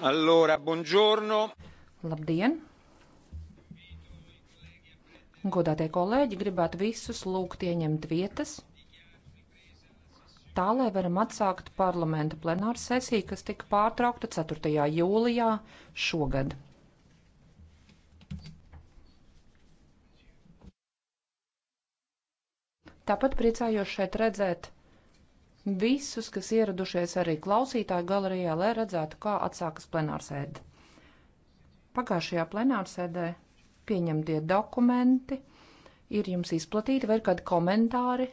Allora, buongiorno. Labdien! Godātie kolēģi, gribētu visus lūgt ieņemt vietas, tā lai varam atsākt parlamenta plenāru sesiju, kas tika pārtraukta 4. jūlijā šogad. Tāpat priecājos šeit redzēt visus, kas ieradušies arī klausītāju galerijā, lai redzētu, kā atsākas plenārsēde. Pagājušajā plenārsēdē pieņemtie dokumenti ir jums izplatīti, vai ir kādi komentāri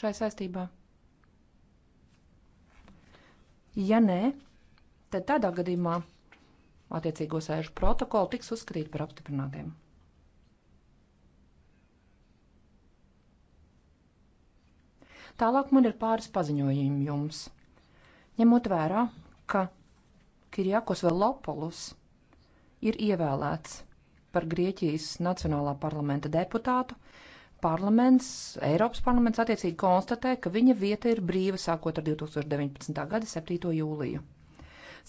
šai saistībā? Ja nē, tad tādā gadījumā attiecīgo sēžu protokolu tiks uzskatīt par apstiprinātiem. Tālāk man ir pāris paziņojumi jums. Ņemot vērā, ka Kirjakos Velopolus ir ievēlēts par Grieķijas Nacionālā parlamenta deputātu, parlaments, Eiropas parlaments attiecīgi konstatē, ka viņa vieta ir brīva sākot ar 2019. gada 7. jūliju.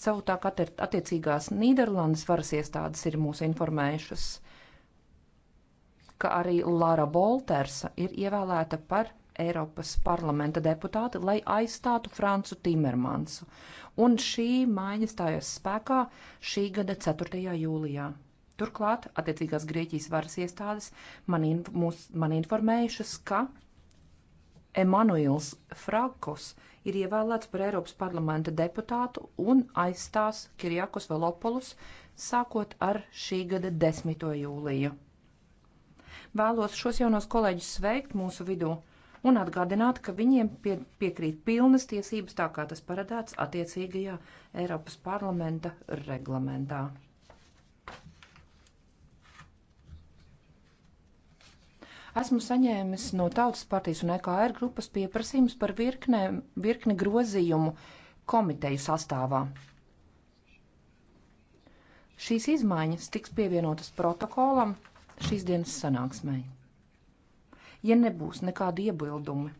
Savukārt attiecīgās Nīderlandes varas iestādes ir mūs informējušas, ka arī Lara Boltersa ir ievēlēta par Eiropas parlamenta deputāti, lai aizstātu Francu Timermansu. Un šī maiņa stājās spēkā šī gada 4. jūlijā. Turklāt attiecīgās Grieķijas varas iestādes man, in, mūs, man informējušas, ka Emanuils Frakos ir ievēlēts par Eiropas parlamenta deputātu un aizstās Kirjakos Velopolus sākot ar šī gada 10. jūliju. Vēlos šos jaunos kolēģus sveikt mūsu vidū un atgādināt, ka viņiem pie, piekrīt pilnas tiesības tā, kā tas paredzēts attiecīgajā Eiropas parlamenta reglamentā. Esmu saņēmis no Tautas partijas un EKR grupas pieprasījums par virknē, virkni grozījumu komiteju sastāvā. Šīs izmaiņas tiks pievienotas protokolam šīs dienas sanāksmēji ja nebūs nekādu iebildumi.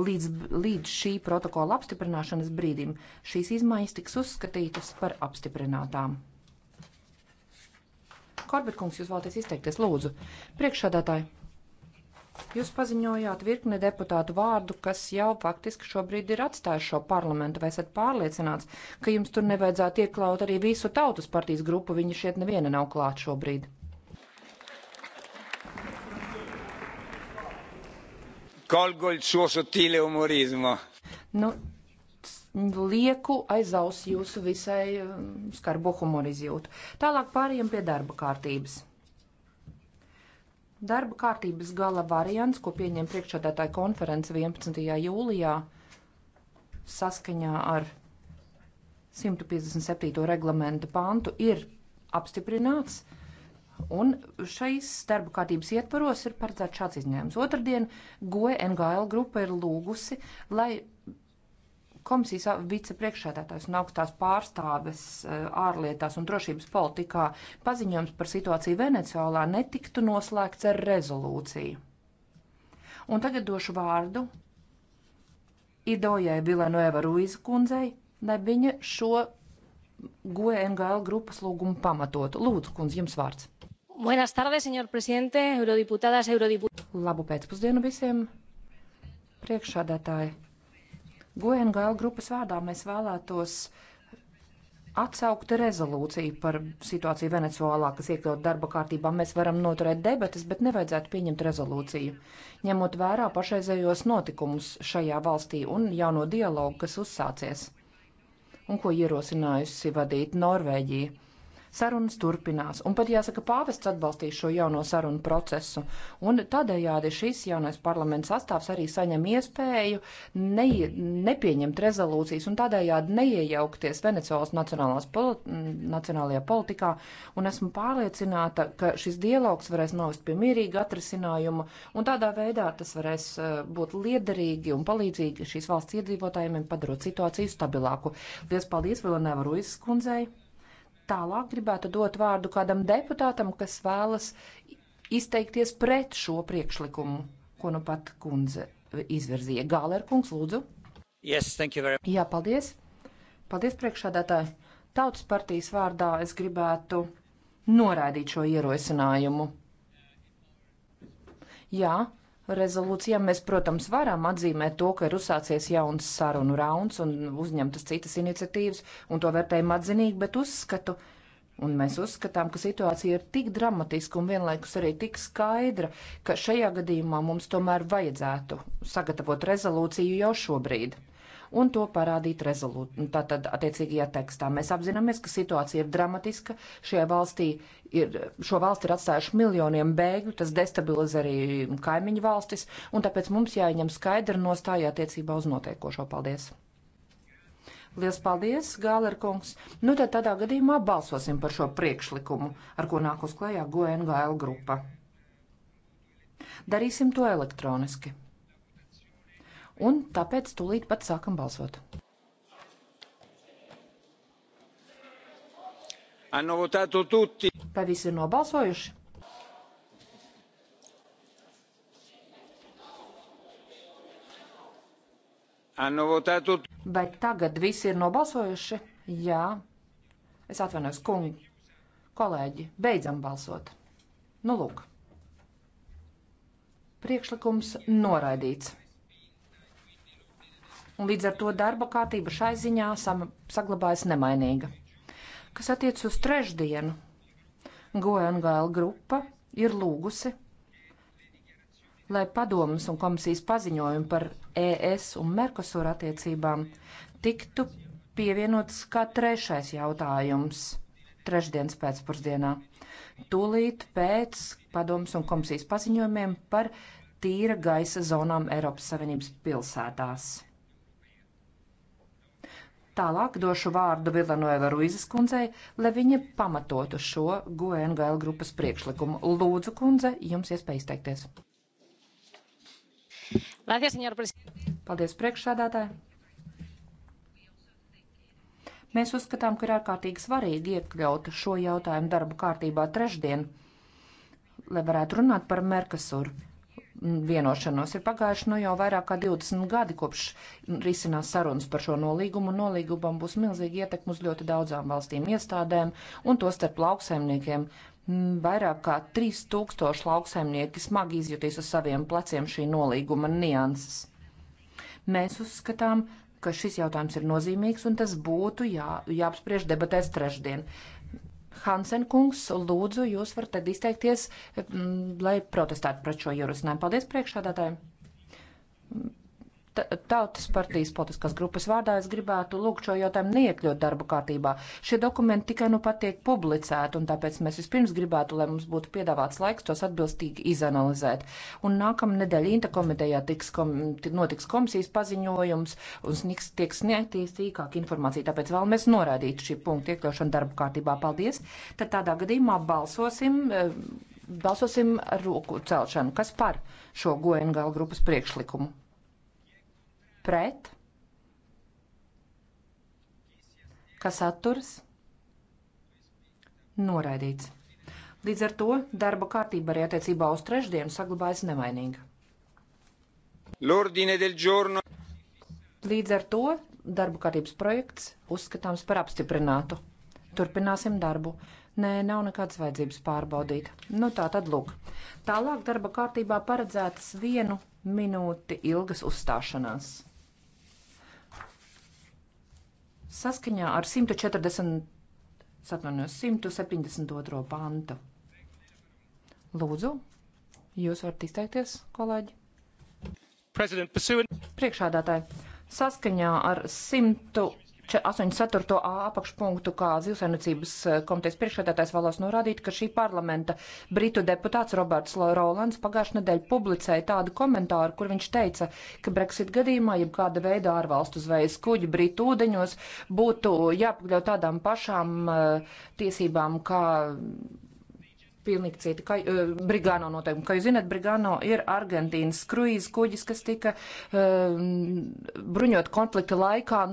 Līdz, līdz šī protokola apstiprināšanas brīdim šīs izmaiņas tiks uzskatītas par apstiprinātām. Korbetkungs, jūs vēlaties izteikties, lūdzu. Priekšsādātāji, jūs paziņojāt virkni deputātu vārdu, kas jau faktiski šobrīd ir atstājuši šo parlamentu. Vai esat pārliecināts, ka jums tur nevajadzētu iekļaut arī visu tautas partijas grupu? Viņa šeit neviena nav klāt šobrīd. Kolgo il suo sottile umorismo. Nu, lieku aiz ausu jūsu visai um, skarbo humoru izjūtu. Tālāk pārējiem pie darba kārtības. Darba kārtības gala variants, ko pieņem priekšādātāja konference 11. jūlijā saskaņā ar 157. reglamentu pantu, ir apstiprināts. Un šais darba kārtības ietvaros ir paredzēts šāds izņēmums. Otradien GOE NGL grupa ir lūgusi, lai komisijas vicepriekšsēdētājs un augstās pārstāves e, ārlietās un drošības politikā paziņojums par situāciju Venecijolā netiktu noslēgts ar rezolūciju. Un tagad došu vārdu Idojai Vilenoeva Ruiza kundzei, lai viņa šo GOE NGL grupas lūgumu pamatotu. Lūdzu, kundze, jums vārds. Buenas tardes, senor presidente, eurodiputadas, eurodiputadas. Labu pēcpusdienu visiem priekšādātāji. GNGL grupas vārdā mēs vēlētos atsaukt rezolūciju par situāciju Venecuālā, kas iekļaut darba kārtībā. Mēs varam noturēt debatas, bet nevajadzētu pieņemt rezolūciju, ņemot vērā pašreizējos notikumus šajā valstī un jauno dialogu, kas uzsācies un ko ierosinājusi vadīt Norvēģija Sarunas turpinās, un pat jāsaka, pāvests atbalstīs šo jauno sarunu procesu, un tādējādi šis jaunais parlaments sastāvs arī saņem iespēju ne, nepieņemt rezolūcijas un tādējādi neiejaukties Venecuēlas politi nacionālajā politikā, un esmu pārliecināta, ka šis dialogs varēs novest pie mierīga atrisinājuma, un tādā veidā tas varēs eh, būt liederīgi un palīdzīgi šīs valsts iedzīvotājiem padarot situāciju stabilāku. Lies paldies Vilnēva Ruizas kundzei! Tālāk gribētu dot vārdu kādam deputātam, kas vēlas izteikties pret šo priekšlikumu, ko nu pat kundze izvirzīja. Gāler kungs, lūdzu. Yes, thank you very much. Jā, paldies. Paldies priekšādātāji. Tautas partijas vārdā es gribētu noraidīt šo ierosinājumu. Jā, rezolūcijām. Mēs, protams, varam atzīmēt to, ka ir uzsācies jauns sarunu rauns un uzņemtas citas iniciatīvas, un to vērtējam atzinīgi, bet uzskatu, un mēs uzskatām, ka situācija ir tik dramatiska un vienlaikus arī tik skaidra, ka šajā gadījumā mums tomēr vajadzētu sagatavot rezolūciju jau šobrīd un to parādīt rezolūcijā. Tātad, attiecīgajā tekstā mēs apzināmies, ka situācija ir dramatiska. Šajā valstī ir, šo valsti ir atstājuši miljoniem bēgļu, tas destabilizē arī kaimiņu valstis, un tāpēc mums jāņem skaidra nostāja attiecībā uz noteikošo. Paldies! Lielas paldies, Gāler kungs! Nu tad tādā gadījumā balsosim par šo priekšlikumu, ar ko nāk uz klējā GNVL grupa. Darīsim to elektroniski un tāpēc tūlīt pat sākam balsot. Hanno votato tutti. Vai visi ir nobalsojuši? Hanno votato. Vai tagad visi ir nobalsojuši? Jā. Es atvainojos, kungi. Kolēģi, beidzam balsot. Nu, lūk. Priekšlikums noraidīts un līdz ar to darba kārtība šai ziņā saglabājas nemainīga. Kas attiec uz trešdienu, GONGL grupa ir lūgusi, lai padomas un komisijas paziņojumi par ES un Merkosur attiecībām tiktu pievienots kā trešais jautājums trešdienas pēcpusdienā. Tūlīt pēc padomas un komisijas paziņojumiem par tīra gaisa zonām Eiropas Savienības pilsētās. Tālāk došu vārdu Vilanoeva Ruizes kundzei, lai viņa pamatotu šo GNGL grupas priekšlikumu. Lūdzu, kundze, jums iespēja izteikties. Paldies, priekšsādātāji! Mēs uzskatām, ka ir ārkārtīgi svarīgi iekļaut šo jautājumu darbu kārtībā trešdien, lai varētu runāt par Merkasuru vienošanos. Ir pagājuši no nu jau vairāk kā 20 gadi, kopš risinās sarunas par šo nolīgumu. Nolīgumam būs milzīgi ietekmi uz ļoti daudzām valstīm iestādēm un to starp lauksaimniekiem. Mm, vairāk kā 3000 lauksaimnieki smagi izjutīs uz saviem pleciem šī nolīguma nianses. Mēs uzskatām, ka šis jautājums ir nozīmīgs un tas būtu jā, jāapspriež debatēs trešdien. Hansen kungs, lūdzu, jūs varat tad izteikties, mm, lai protestētu pret šo ierosinājumu. Paldies priekšādātājiem! Tautas partijas politiskās grupas vārdā es gribētu lūgt šo jautājumu neiekļūt darba kārtībā. Šie dokumenti tikai nu pat tiek publicēti, un tāpēc mēs vispirms gribētu, lai mums būtu piedāvāts laiks tos atbilstīgi izanalizēt. Un nākamā nedēļa Inta komitejā tiks, kom, notiks komisijas paziņojums un sniks, tiek sniegta sīkāka informācija, tāpēc vēlamies noraidīt šī punkta iekļaušanu darba kārtībā. Paldies! Tad tādā gadījumā balsosim eh, balsosim ar roku celšanu. Kas par šo goengal grupas priekšlikumu? pret, kas atturas, noraidīts. Līdz ar to darba kārtība arī attiecībā uz trešdienu saglabājas nemainīga. Līdz ar to darba kārtības projekts uzskatāms par apstiprinātu. Turpināsim darbu. Nē, nav nekādas vajadzības pārbaudīt. Nu tā tad lūk. Tālāk darba kārtībā paredzētas vienu minūti ilgas uzstāšanās. Saskaņā ar 140, atvainojos, 172. pantu. Lūdzu, jūs varat izteikties, kolēģi. Priekšādātāji, saskaņā ar 100. 84. a apakšpunktu, kā zivsainicības eh, komitejas priekšsēdētājs vēlos norādīt, ka šī parlamenta britu deputāts Roberts Rolands pagājušajā nedēļā publicēja tādu komentāru, kur viņš teica, ka Brexit gadījumā, ja kāda veida ārvalstu zvejas kuģi britu ūdeņos būtu jāpakļaut tādām pašām uh, tiesībām, kā pilnīgi cita. Kā, uh, eh, Brigāno noteikumi. Kā jūs zināt, Brigāno ir Argentīnas kruīz kuģis, kas tika uh, bruņot konflikta laikā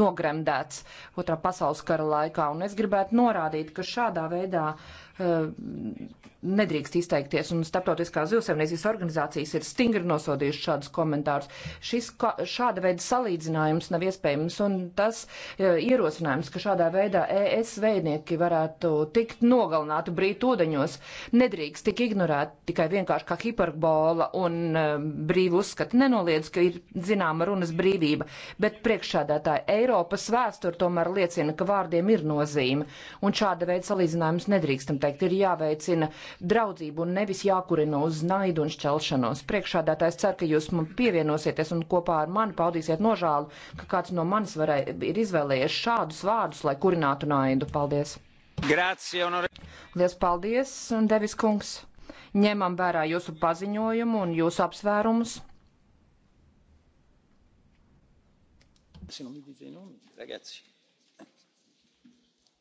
nogremdēts otrā pasaules kara laikā. Un es gribētu norādīt, ka šādā veidā uh, nedrīkst izteikties, un starptautiskās zivsaimniecības organizācijas ir stingri nosodījušas šādus komentārus. Šis, ka, šāda veida salīdzinājums nav iespējams, un tas uh, ierosinājums, ka šādā veidā ES veidnieki varētu tikt nogalināti brīt ūdeņos, nedrīkst tik ignorēt tikai vienkārši kā hiperbola un uh, brīvu uzskatu. Nenoliedz, ka ir zināma runas brīvība, bet priekšādātāja Eiropas vēsture tomēr liecina, ka vārdiem ir nozīme, un šāda veida salīdzinājums nedrīkstam teikt. Ir jāveicina draudzību un nevis jākurina uz naidu un šķelšanos. Priekšādātājs cer, ka jūs man pievienosieties un kopā ar mani paudīsiet nožālu, ka kāds no manis varē, ir izvēlējies šādus vārdus, lai kurinātu naidu. Paldies! Grācija, honore! Liels paldies, Devis kungs! Ņemam vērā jūsu paziņojumu un jūsu apsvērumus. se non mi dite i nomi ragazzi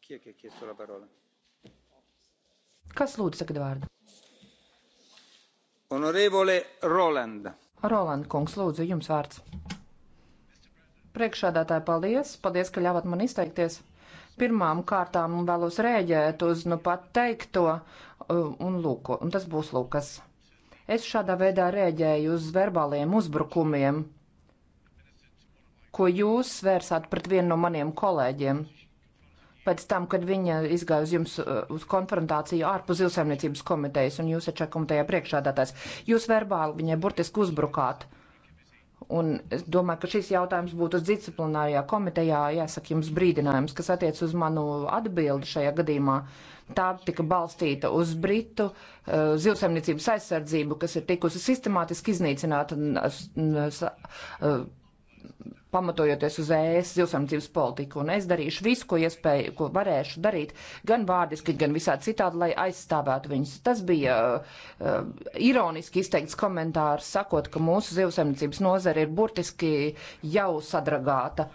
chi è che ha chiesto la parola? Kas lūdzu tagad vārdu? Honorevole Roland. Roland kungs, lūdzu, jums vārds. Priekšādātāji, paldies. Paldies, ka ļāvāt man izteikties. Pirmām kārtām vēlos rēģēt uz nu pat teikto uh, un lūko. Un tas būs lūkas. Es šādā veidā rēģēju uz verbāliem uzbrukumiem, ko jūs vērsāt pret vienu no maniem kolēģiem pēc tam, kad viņa izgāja uz jums uh, uz konfrontāciju ārpus zilsaimniecības komitejas un jūs taču komitejā priekšādātājs. Jūs verbāli viņai burtiski uzbrukāt. Un es domāju, ka šis jautājums būtu uz disciplinārijā komitejā, jāsaka jums brīdinājums, kas attiec uz manu atbildi šajā gadījumā. Tā tika balstīta uz Britu uh, zilsaimniecības aizsardzību, kas ir tikusi sistemātiski iznīcināta. Uh, uh, pamatojoties uz ES zilsamdzības politiku, un es darīšu visu, ko iespēju, ko varēšu darīt, gan vārdiski, gan visā citādi, lai aizstāvētu viņus. Tas bija uh, uh ironiski izteikts komentārs, sakot, ka mūsu zilsamdzības nozara ir burtiski jau sadragāta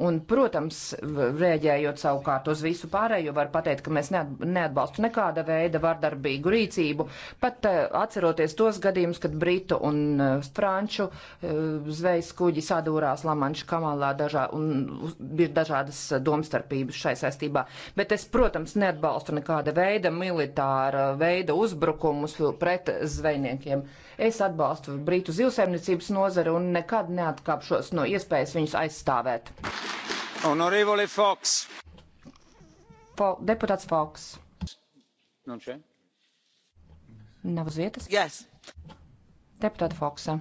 Un, protams, rēģējot savukārt uz visu pārējo, var pateikt, ka mēs neatbalstu nekāda veida vardarbīgu rīcību, pat eh, atceroties tos gadījumus, kad Britu un eh, Franču eh, zvejas kuģi sadūrās Lamanša kamalā dažā, un ir dažādas domstarpības šai saistībā. Bet es, protams, neatbalstu nekāda veida militāra veida uzbrukumus pret zvejniekiem. Uh, Es atbalstu Brītu zivsēmniecības nozari un nekad neatkāpšos no iespējas viņus aizstāvēt. Honorevole Fox. Fo deputāts Fox. Non c'è? Nav uz vietas? Yes. Deputāta Foksa.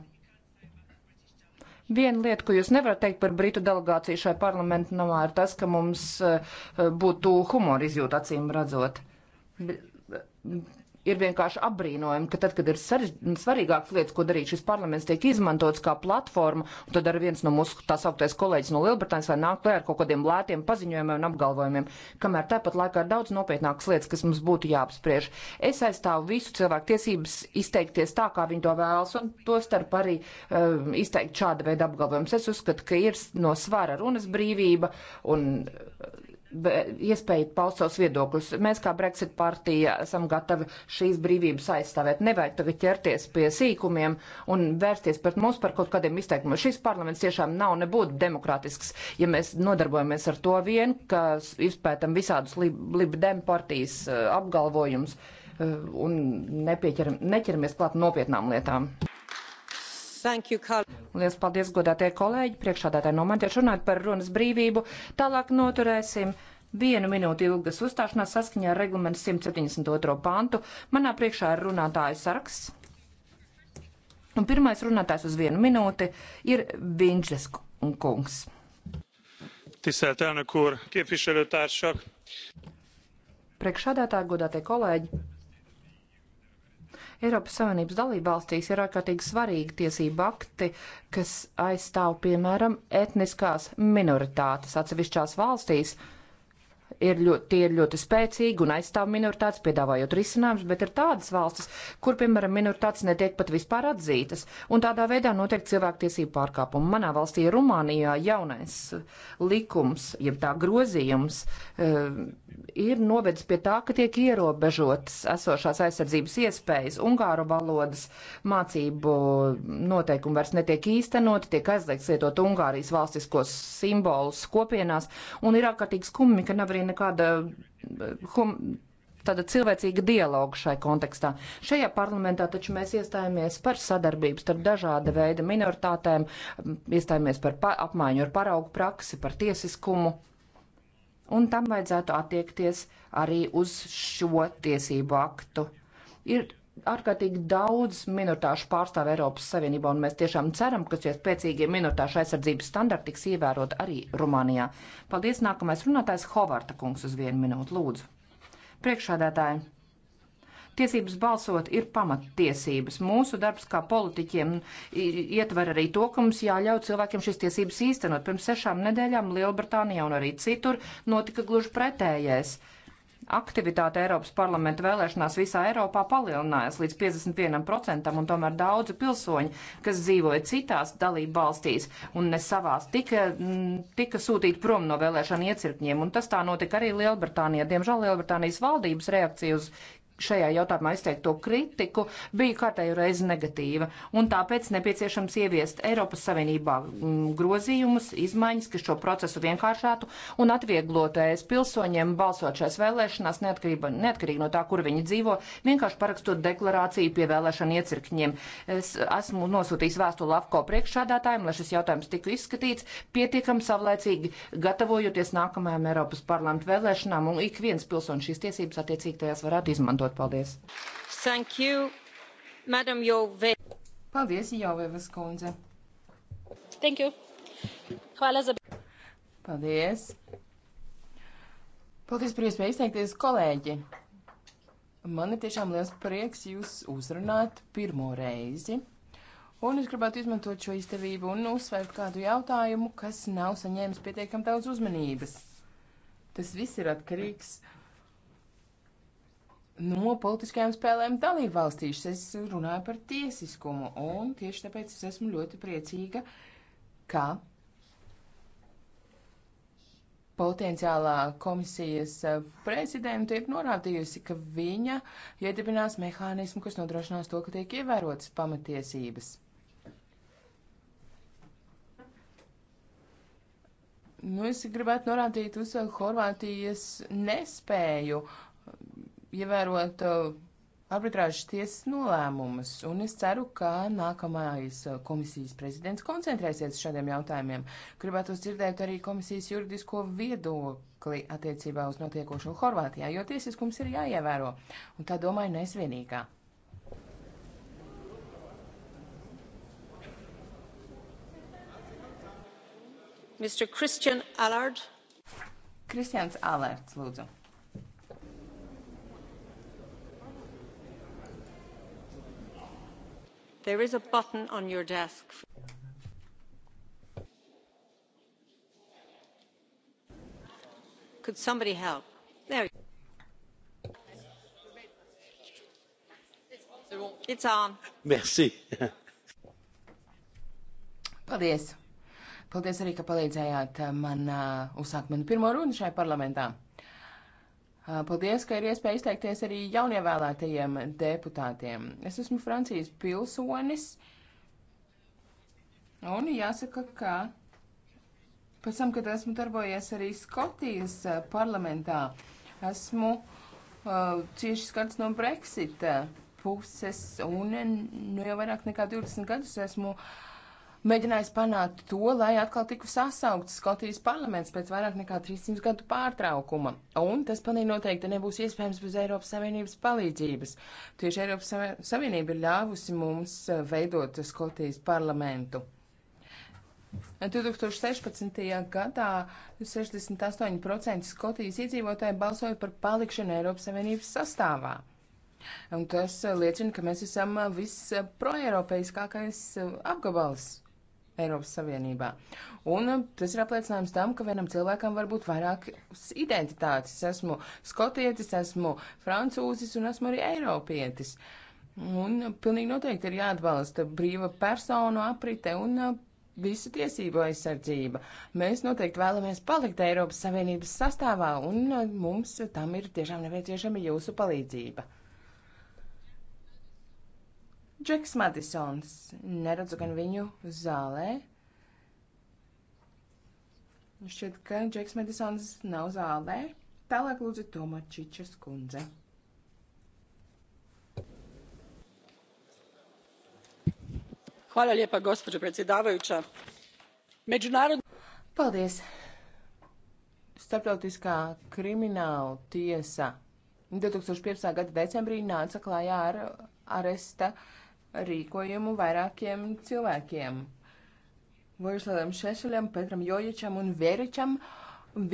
Viena lieta, ko jūs nevarat teikt par Britu delegāciju šai parlamentu namā, ir tas, ka mums eh, būtu humora izjūta acīm redzot ir vienkārši apbrīnojami, ka tad, kad ir svarīgākas lietas, ko darīt, šis parlaments tiek izmantots kā platforma, un tad arī viens no mūsu tā sauktais kolēģis no Lielbritānijas vai nāk klē ar kaut kādiem lētiem paziņojumiem un apgalvojumiem, kamēr tāpat laikā ir daudz nopietnākas lietas, kas mums būtu jāapspriež. Es aizstāvu visu cilvēku tiesības izteikties tā, kā viņi to vēlas, un to starp arī um, izteikt šāda veida apgalvojumus. Es uzskatu, ka ir no svara runas brīvība un iespēju paust savus viedokļus. Mēs kā Brexit partija esam gatavi šīs brīvības aizstāvēt. Nevajag tagad ķerties pie sīkumiem un vērsties pret mums par kaut kādiem izteikumiem. Šis parlaments tiešām nav nebūtu demokrātisks, ja mēs nodarbojamies ar to vien, ka izpētam visādus libdem partijas eh, apgalvojumus eh, un nepieķeram, neķeramies klāt nopietnām lietām. You, Lielas paldies, godātie kolēģi, priekšādātāji nomantieši runāt par runas brīvību. Tālāk noturēsim vienu minūti ilgas uzstāšanās saskaņā ar reglamentu 172. pantu. Manā priekšā ir runātāju saraksts. Un pirmais runātājs uz vienu minūti ir Vinčes kungs. Tisztelt elnök úr, képviselőtársak! Priekšādātāji, godātie kolēģi! Eiropas Savienības dalībvalstīs ir ārkārtīgi svarīgi tiesību akti, kas aizstāv, piemēram, etniskās minoritātes atsevišķās valstīs. Uh, ir ļoti, tie ir ļoti spēcīgi un aizstāv minoritātes, piedāvājot risinājumus, bet ir tādas valstis, kur, piemēram, minoritātes netiek pat vispār atzītas, un tādā veidā notiek cilvēktiesību pārkāpumi. Manā valstī Rumānijā jaunais likums, jeb tā grozījums, e, ir novedis pie tā, ka tiek ierobežotas esošās aizsardzības iespējas, ungāru valodas mācību noteikumi vairs netiek īstenoti, tiek aizliegts lietot Ungārijas valstiskos simbolus kopienās, un ir ārkārtīgi skumji, ka nav arī nekāda hum, tāda cilvēcīga dialoga šai kontekstā. Šajā parlamentā taču mēs iestājāmies par sadarbību starp dažāda veida minoritātēm, iestājāmies par pa apmaiņu ar paraugu praksi, par tiesiskumu. Un tam vajadzētu attiekties arī uz šo tiesību aktu. Ir ārkārtīgi daudz minoritāšu pārstāv Eiropas Savienībā, un mēs tiešām ceram, ka šie spēcīgie minoritāšu aizsardzības standarti tiks ievērot arī Rumānijā. Paldies, nākamais runātājs Hovarta kungs uz vienu minūtu, lūdzu. Priekšādātāji. Tiesības balsot ir pamattiesības. Mūsu darbs kā politiķiem ietver arī to, ka mums jāļauj cilvēkiem šīs tiesības īstenot. Pirms sešām nedēļām Lielbritānijā un arī citur notika gluži pretējais. Uh, aktivitāte Eiropas parlamenta vēlēšanās visā Eiropā palielinājās līdz 51%, un tomēr daudzi pilsoņi, kas dzīvoja citās dalību valstīs un ne savās, tika, mm, tika sūtīti prom no vēlēšana iecirkņiem, un tas tā notika arī Lielbritānijā. Diemžēl Lielbritānijas valdības reakcija uz šajā jautājumā izteikto kritiku bija kārtēju reizi negatīva. Un tāpēc nepieciešams ieviest Eiropas Savienībā mm, grozījumus, izmaiņas, kas šo procesu vienkāršātu un atvieglotais pilsoņiem balsot šais vēlēšanās, neatkarīgi, neatkarīgi no tā, kur viņi dzīvo, vienkārši parakstot deklarāciju pie vēlēšana iecirkņiem. Es esmu nosūtījis vēstuli AFCO priekšsādātājiem, lai šis jautājums tiktu izskatīts pietiekam savlaicīgi, gatavojoties nākamajām Eiropas parlamentu vēlēšanām, un ik viens pilsonis šīs tiesības attiecīgi tajās varētu izmantot balsot. Paldies! Thank you, Madam Jove. Paldies, Jovevas kundze. Thank you. Paldies. Paldies par iespēju izteikties, kolēģi. Man ir tiešām liels prieks jūs uzrunāt pirmo reizi. Un es gribētu izmantot šo izdevību un uzsvērt kādu jautājumu, kas nav saņēmis pietiekam daudz uzmanības. Tas viss ir atkarīgs no politiskajām spēlēm dalību valstīs. Es runāju par tiesiskumu, un tieši tāpēc es esmu ļoti priecīga, ka potenciālā komisijas eh, prezidenta ir norādījusi, ka viņa iedibinās mehānismu, kas nodrošinās to, ka tiek ievērotas pamatiesības. Nu, es gribētu norādīt uz Horvātijas nespēju uh, ievērot uh, arbitrāžas tiesas nolēmumus, un es ceru, ka nākamais uh, komisijas prezidents koncentrēsies šādiem jautājumiem. Gribētu dzirdēt arī komisijas juridisko viedokli attiecībā uz notiekošo Horvātijā, jo tiesiskums ir jāievēro, un tā domāju nesvienīgā. Mr. Christian Allard. Kristians Alērts, lūdzu. there is a button on your desk. could somebody help? there it's on. Merci. Paldies! Paldies arī, ka palīdzējāt uh, man uh, uzsākt manu pirmo runu šajā parlamentā. Uh, paldies, ka ir iespēja izteikties arī jaunievēlētajiem deputātiem. Es esmu Francijas pilsonis, un jāsaka, ka pēc tam, kad esmu darbojies arī Skotijas uh, parlamentā, esmu uh, cieši skats no Brexita puses, un nu jau vairāk nekā 20 gadus esmu uh, mēģinājis panākt to, lai atkal tiktu sasaukts Skotijas parlaments pēc vairāk nekā 300 gadu pārtraukuma. Un tas pilnīgi noteikti nebūs iespējams bez Eiropas Savienības palīdzības. Tieši Eiropas Savienība ir ļāvusi mums eh, veidot Skotijas parlamentu. 2016. gadā 68% Skotijas iedzīvotāji balsoja par palikšanu Eiropas Savienības sastāvā. Un tas eh, liecina, ka mēs esam eh, viss proeiropeiskākais apgabals Eiropas Savienībā. Un uh, tas ir apliecinājums tam, ka vienam cilvēkam var būt vairākas identitātes. Esmu skotietis, esmu francūzis un esmu arī eiropietis. Un uh, pilnīgi noteikti ir jāatbalsta brīva personu aprite un uh, visa tiesību aizsardzība. Mēs noteikti vēlamies palikt Eiropas Savienības sastāvā un mums tam ir tiešām nepieciešama jūsu palīdzība. Džeks Madisons. Neredzu gan viņu zālē. Šķiet, ka Džeks Madisons nav zālē. Tālāk lūdzu Tomačičas kundze. Hvala lijepa, gospođo predsjedavajuća. Međunarodni... Paldies. Starptautiskā krimināla tiesa 2015. gada decembrī nāca klājā ar aresta uh, rīkojumu vairākiem cilvēkiem. Vojislavam Šešeļam, Petram Jojičam un Veričam.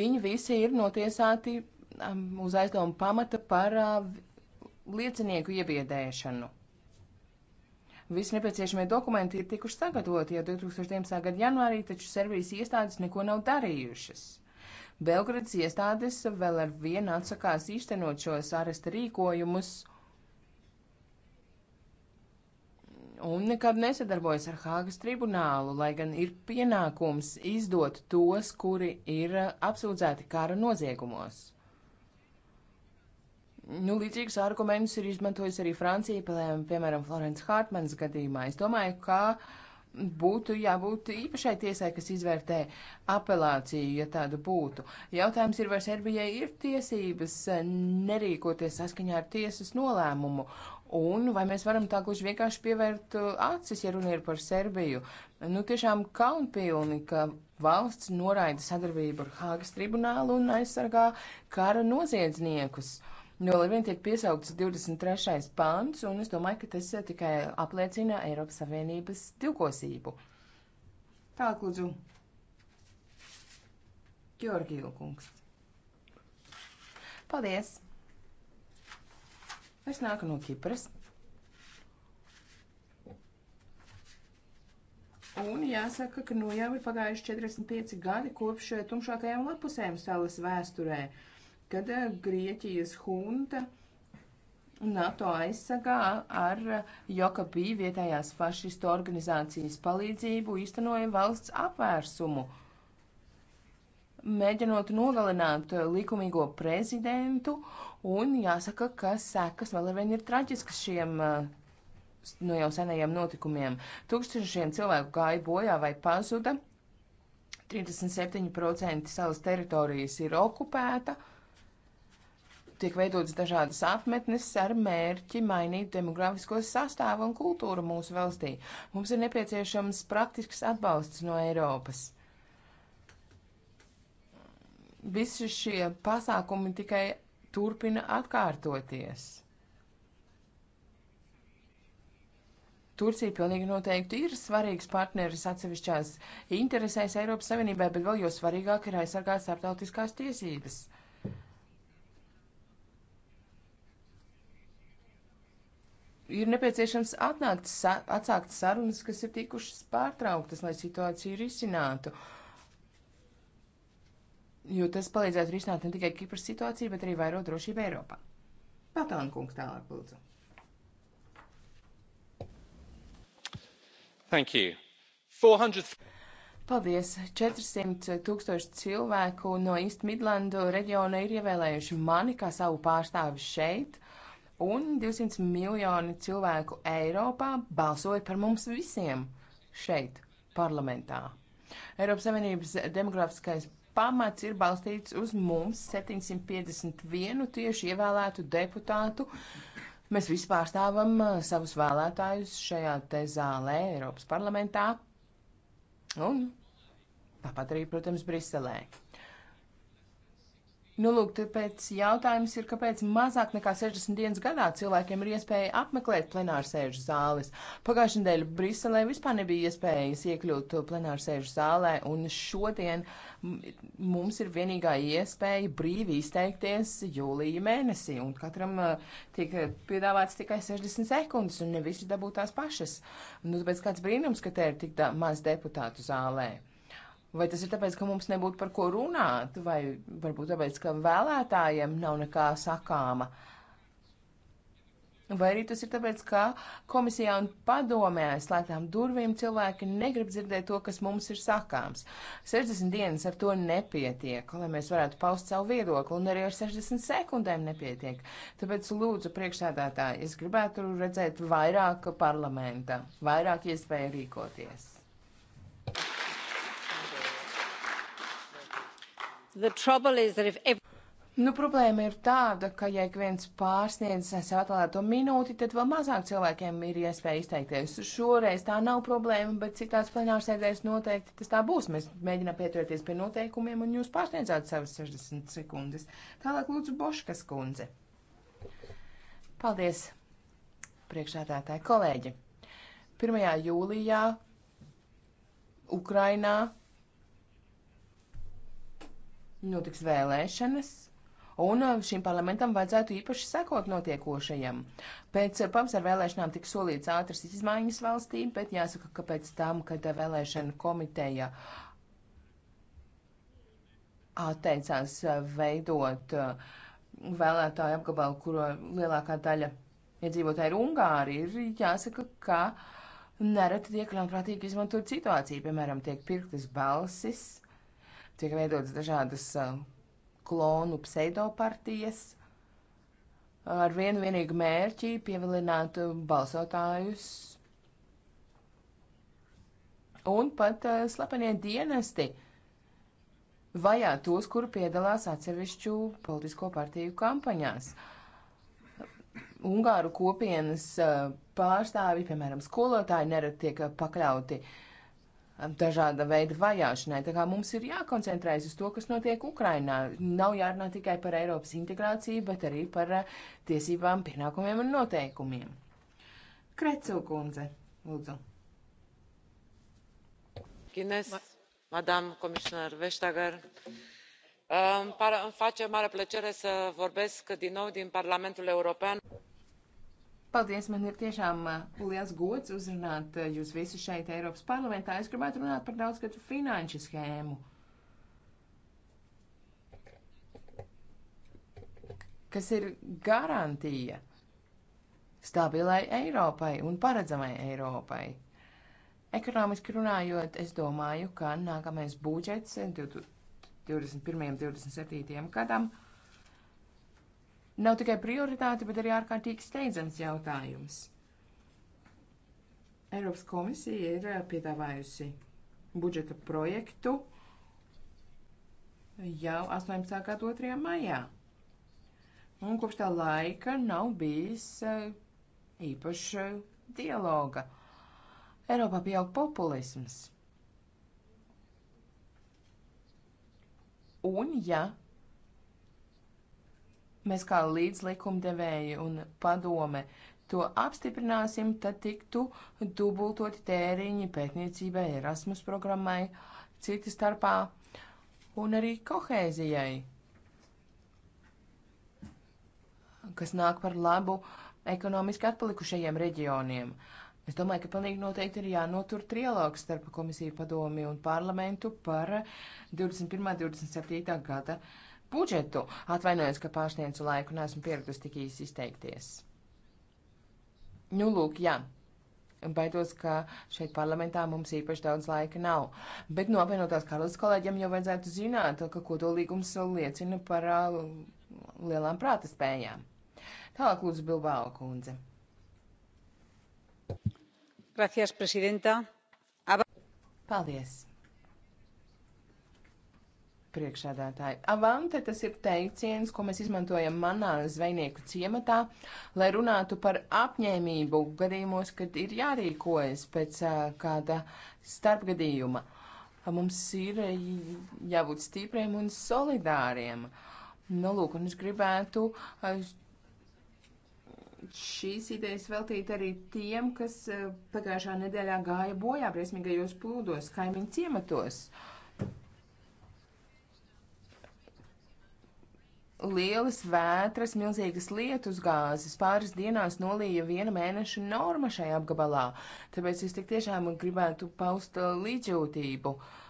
Viņi visi ir notiesāti um, uz aizdomu pamata par uh, liecinieku iebiedēšanu. Visi nepieciešamie dokumenti ir tikuši sagatavoti jau 2019. gada janvārī, taču Serbijas iestādes neko nav darījušas. Belgradas iestādes vēl ar vienu atsakās īstenot šos aresta rīkojumus un nekad nesadarbojas ar Hāgas tribunālu, lai gan ir pienākums izdot tos, kuri ir apsūdzēti kara noziegumos. Nu, līdzīgus argumentus ir izmantojis arī Francija, piemēram, Florence Hartmanas gadījumā. Es domāju, ka uh, būtu jābūt īpašai tiesai, kas izvērtē apelāciju, ja tāda būtu. Jautājums ir, vai Serbijai ir tiesības nerīkoties saskaņā ar tiesas nolēmumu, un vai mēs varam tā gluži vienkārši pievērt uh, acis, ja runa ir par Serbiju. Nu, tiešām kaunpilni, ka valsts noraida sadarbību ar Hāgas tribunālu un aizsargā kara noziedzniekus. Uh, jo nu, ar vien tiek piesaukts 23. pāns, un es domāju, ka tas eh, tikai apliecina Eiropas Savienības divkosību. Tālāk, lūdzu, Georgiju kungs. Paldies! Es nāku no Kipras. Un jāsaka, ka nu jau ir pagājuši 45 gadi kopš eh, tumšākajām lapusēm salas vēsturē. Uh, kad eh, Grieķijas hunta NATO aizsargā ar eh, Jokabī vietējās fašistu organizācijas palīdzību īstenoja valsts apvērsumu, mēģinot nogalināt eh, likumīgo prezidentu, un jāsaka, ka sekas vēl arvien ir traģiskas šiem no nu jau senajiem notikumiem. Tūkstošiem cilvēku gāja bojā vai pazuda, 37% salas teritorijas ir okupēta tiek veidotas dažādas apmetnes ar mērķi mainīt demografisko sastāvu un kultūru mūsu valstī. Mums ir nepieciešams praktisks atbalsts no Eiropas. Visi šie pasākumi tikai turpina atkārtoties. Turcija pilnīgi noteikti ir svarīgs partneris atsevišķās interesēs Eiropas Savienībai, bet vēl jo svarīgāk ir aizsargāt starptautiskās tiesības. ir nepieciešams atnākt, sa atsākt sarunas, kas ir tikušas pārtrauktas, lai situāciju risinātu. Jo tas palīdzētu risināt ne tikai Kipras situāciju, bet arī vairot drošību Eiropā. Patāna kungs tālāk, lūdzu. Thank you. 400... Paldies! 400 tūkstoši cilvēku no East Midlandu reģiona ir ievēlējuši mani kā savu pārstāvi šeit Un 200 miljoni cilvēku Eiropā balsoja par mums visiem šeit, parlamentā. Eiropas Savienības demografiskais pamats ir balstīts uz mums 751 tieši ievēlētu deputātu. Mēs visi pārstāvam uh, savus vēlētājus šajā te zālē, Eiropas parlamentā un tāpat arī, protams, Briselē. Nu, lūk, tāpēc jautājums ir, kāpēc mazāk nekā 60 dienas gadā cilvēkiem ir iespēja apmeklēt plenārsēžu zāles. Pagājušajā nedēļā Briselē vispār nebija iespējas iekļūt plenārsēžu zālē, un šodien mums ir vienīgā iespēja brīvi izteikties jūlija mēnesī, un katram tiek piedāvāts tikai 60 sekundes, un ne visi dabū tās pašas. Nu, tāpēc kāds brīnums, ka te ir tik maz deputātu zālē. Vai tas ir tāpēc, ka mums nebūtu par ko runāt, vai varbūt tāpēc, ka vēlētājiem nav nekā sakāma? Vai arī tas ir tāpēc, ka komisijā un padomē slēgtām durvīm cilvēki negrib dzirdēt to, kas mums ir sakāms. 60 dienas ar to nepietiek, lai mēs varētu paust savu viedokli, un arī ar 60 sekundēm nepietiek. Tāpēc lūdzu priekšsēdētāji, es gribētu redzēt vairāk parlamenta, vairāk iespēju rīkoties. If... Nu, problēma ir tāda, ka, ja ik viens pārsniedz sev atvēlēto minūti, tad vēl mazāk cilvēkiem ir iespēja izteikties. Šoreiz tā nav problēma, bet citās plenārsēdēs noteikti tas tā būs. Mēs mēģinām pieturēties pie noteikumiem, un jūs pārsniedzāt savas 60 sekundes. Tālāk lūdzu Boškas kundze. Paldies, priekšādātāji kolēģi! 1. jūlijā Ukrainā notiks vēlēšanas, un uh, šim parlamentam vajadzētu īpaši sekot notiekošajam. Pēc uh, pavasara vēlēšanām tika solīts ātras izmaiņas valstī, bet jāsaka, ka pēc tam, kad uh, vēlēšana komiteja atteicās veidot vēlētāju apgabalu, kuro lielākā daļa iedzīvotāji ir Ungāri, ir jāsaka, ka nereti tiek ļaunprātīgi izmantot situāciju, piemēram, tiek pirktas balsis tiek veidotas dažādas um, klonu pseidopartijas ar vienu vienīgu mērķi pievilināt balsotājus. Un pat uh, slepenie dienesti vajā tos, kuri piedalās atsevišķu politisko partiju kampaņās. Ungāru kopienas uh, pārstāvi, piemēram, skolotāji, nerad tiek uh, pakļauti uh, dažāda veida vajāšanai. Tā kā mums ir jākoncentrējas uz to, kas notiek Ukrainā. Nav jārunā tikai par Eiropas integrāciju, bet arī par eh, tiesībām, pienākumiem un noteikumiem. Krecu kundze, lūdzu. Gines, madam komisār Veštagar. Um, îmi face mare plăcere să vorbesc din nou din Parlamentul European. Paldies, man ir tiešām liels gods uzrunāt jūs visus šeit Eiropas parlamentā. Es gribētu runāt par daudzgadu finanšu schēmu. Kas ir garantija stabilai Eiropai un paredzamai Eiropai? Ekonomiski runājot, es domāju, ka nākamais budžets 2021. un 2027. gadam nav tikai prioritāte, bet arī ārkārtīgi steidzams jautājums. Eiropas komisija ir eh, piedāvājusi budžeta projektu jau 18. gada 2. maijā. Un kopš tā laika nav bijis eh, īpaša dialoga. Eiropā pieaug populisms. Un, ja mēs kā līdzlikumdevēji un padome to apstiprināsim, tad tiktu dubultoti tēriņi pētniecībai, Erasmus programmai, citi starpā un arī kohēzijai, kas nāk par labu ekonomiski atpalikušajiem reģioniem. Es domāju, ka pilnīgi noteikti ir jānotur trialogs starp komisiju padomi un parlamentu par 21. un 27. gada uh, budžetu. Atvainojos, ka pārsniedzu laiku un esmu pieradusi tik īsi izteikties. Nu, lūk, jā. Baidos, ka šeit parlamentā mums īpaši daudz laika nav. Bet no apvienotās karalistas kolēģiem jau vajadzētu zināt, ka kodolīgums liecina par uh, lielām prāta spējām. Tālāk lūdzu Bilbao kundze. Gracias, presidenta. Paldies priekšsēdētāji. Avante tas ir teiciens, ko mēs izmantojam manā zvejnieku ciematā, lai runātu par apņēmību gadījumos, kad ir jārīkojas pēc uh, kāda starpgadījuma. Mums ir jābūt stipriem un solidāriem. Nu, lūk, un es gribētu uh, šīs idejas veltīt arī tiem, kas pagājušā nedēļā gāja bojā briesmīgajos plūdos kaimiņu ciematos. Uh, lielas vētras, milzīgas lietus gāzes. Pāris dienās nolīja viena mēneša norma šajā apgabalā, tāpēc es tik tiešām gribētu paust uh, līdzjūtību. Uh,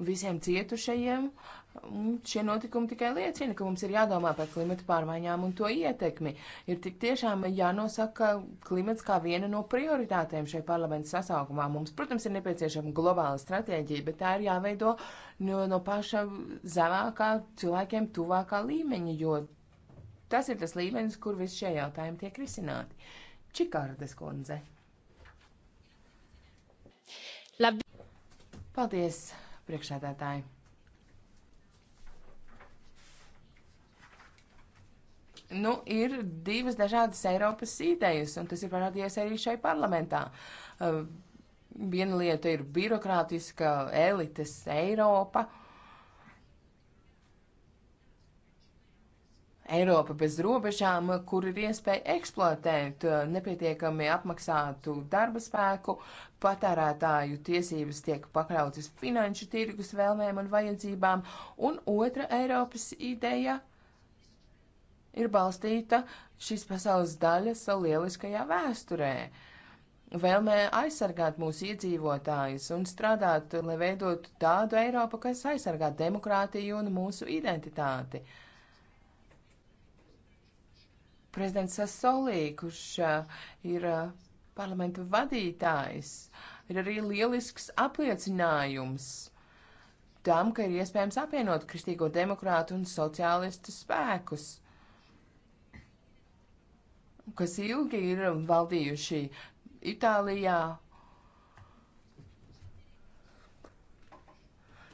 visiem cietušajiem. Šie notikumi tikai liecina, ka mums ir jādomā par klimatu pārmaiņām un to ietekmi. Ir tik tiešām jānosaka klimats kā viena no prioritātēm šai parlamentu sasaukumā. Mums, protams, ir nepieciešama globāla stratēģija, bet tā ir jāveido no, no paša zemākā cilvēkiem tuvākā līmeņa, jo tas ir tas līmenis, kur visi šie jautājumi tiek risināti. Čikārdes kundze. Labi. Paldies! priekšsēdētāji. Nu, ir divas dažādas Eiropas idejas, un tas ir parādījies arī šai parlamentā. Uh, viena lieta ir birokrātiska elites Eiropa, Eiropa bez robežām, kur ir iespēja eksploatēt eh, nepietiekami apmaksātu darba spēku, patērētāju tiesības tiek pakļautas finanšu tirgus vēlmēm un vajadzībām, un otra Eiropas ideja ir balstīta šīs pasaules daļas lieliskajā vēsturē. Vēlmē aizsargāt mūsu iedzīvotājus un strādāt, lai veidotu tādu Eiropu, kas aizsargā demokrātiju un mūsu identitāti. Uh, prezidents Sasolī, kurš uh, ir uh, parlamenta vadītājs, ir arī lielisks apliecinājums tam, ka ir iespējams apvienot kristīgo demokrātu un sociālistu spēkus, kas ilgi ir valdījuši Itālijā.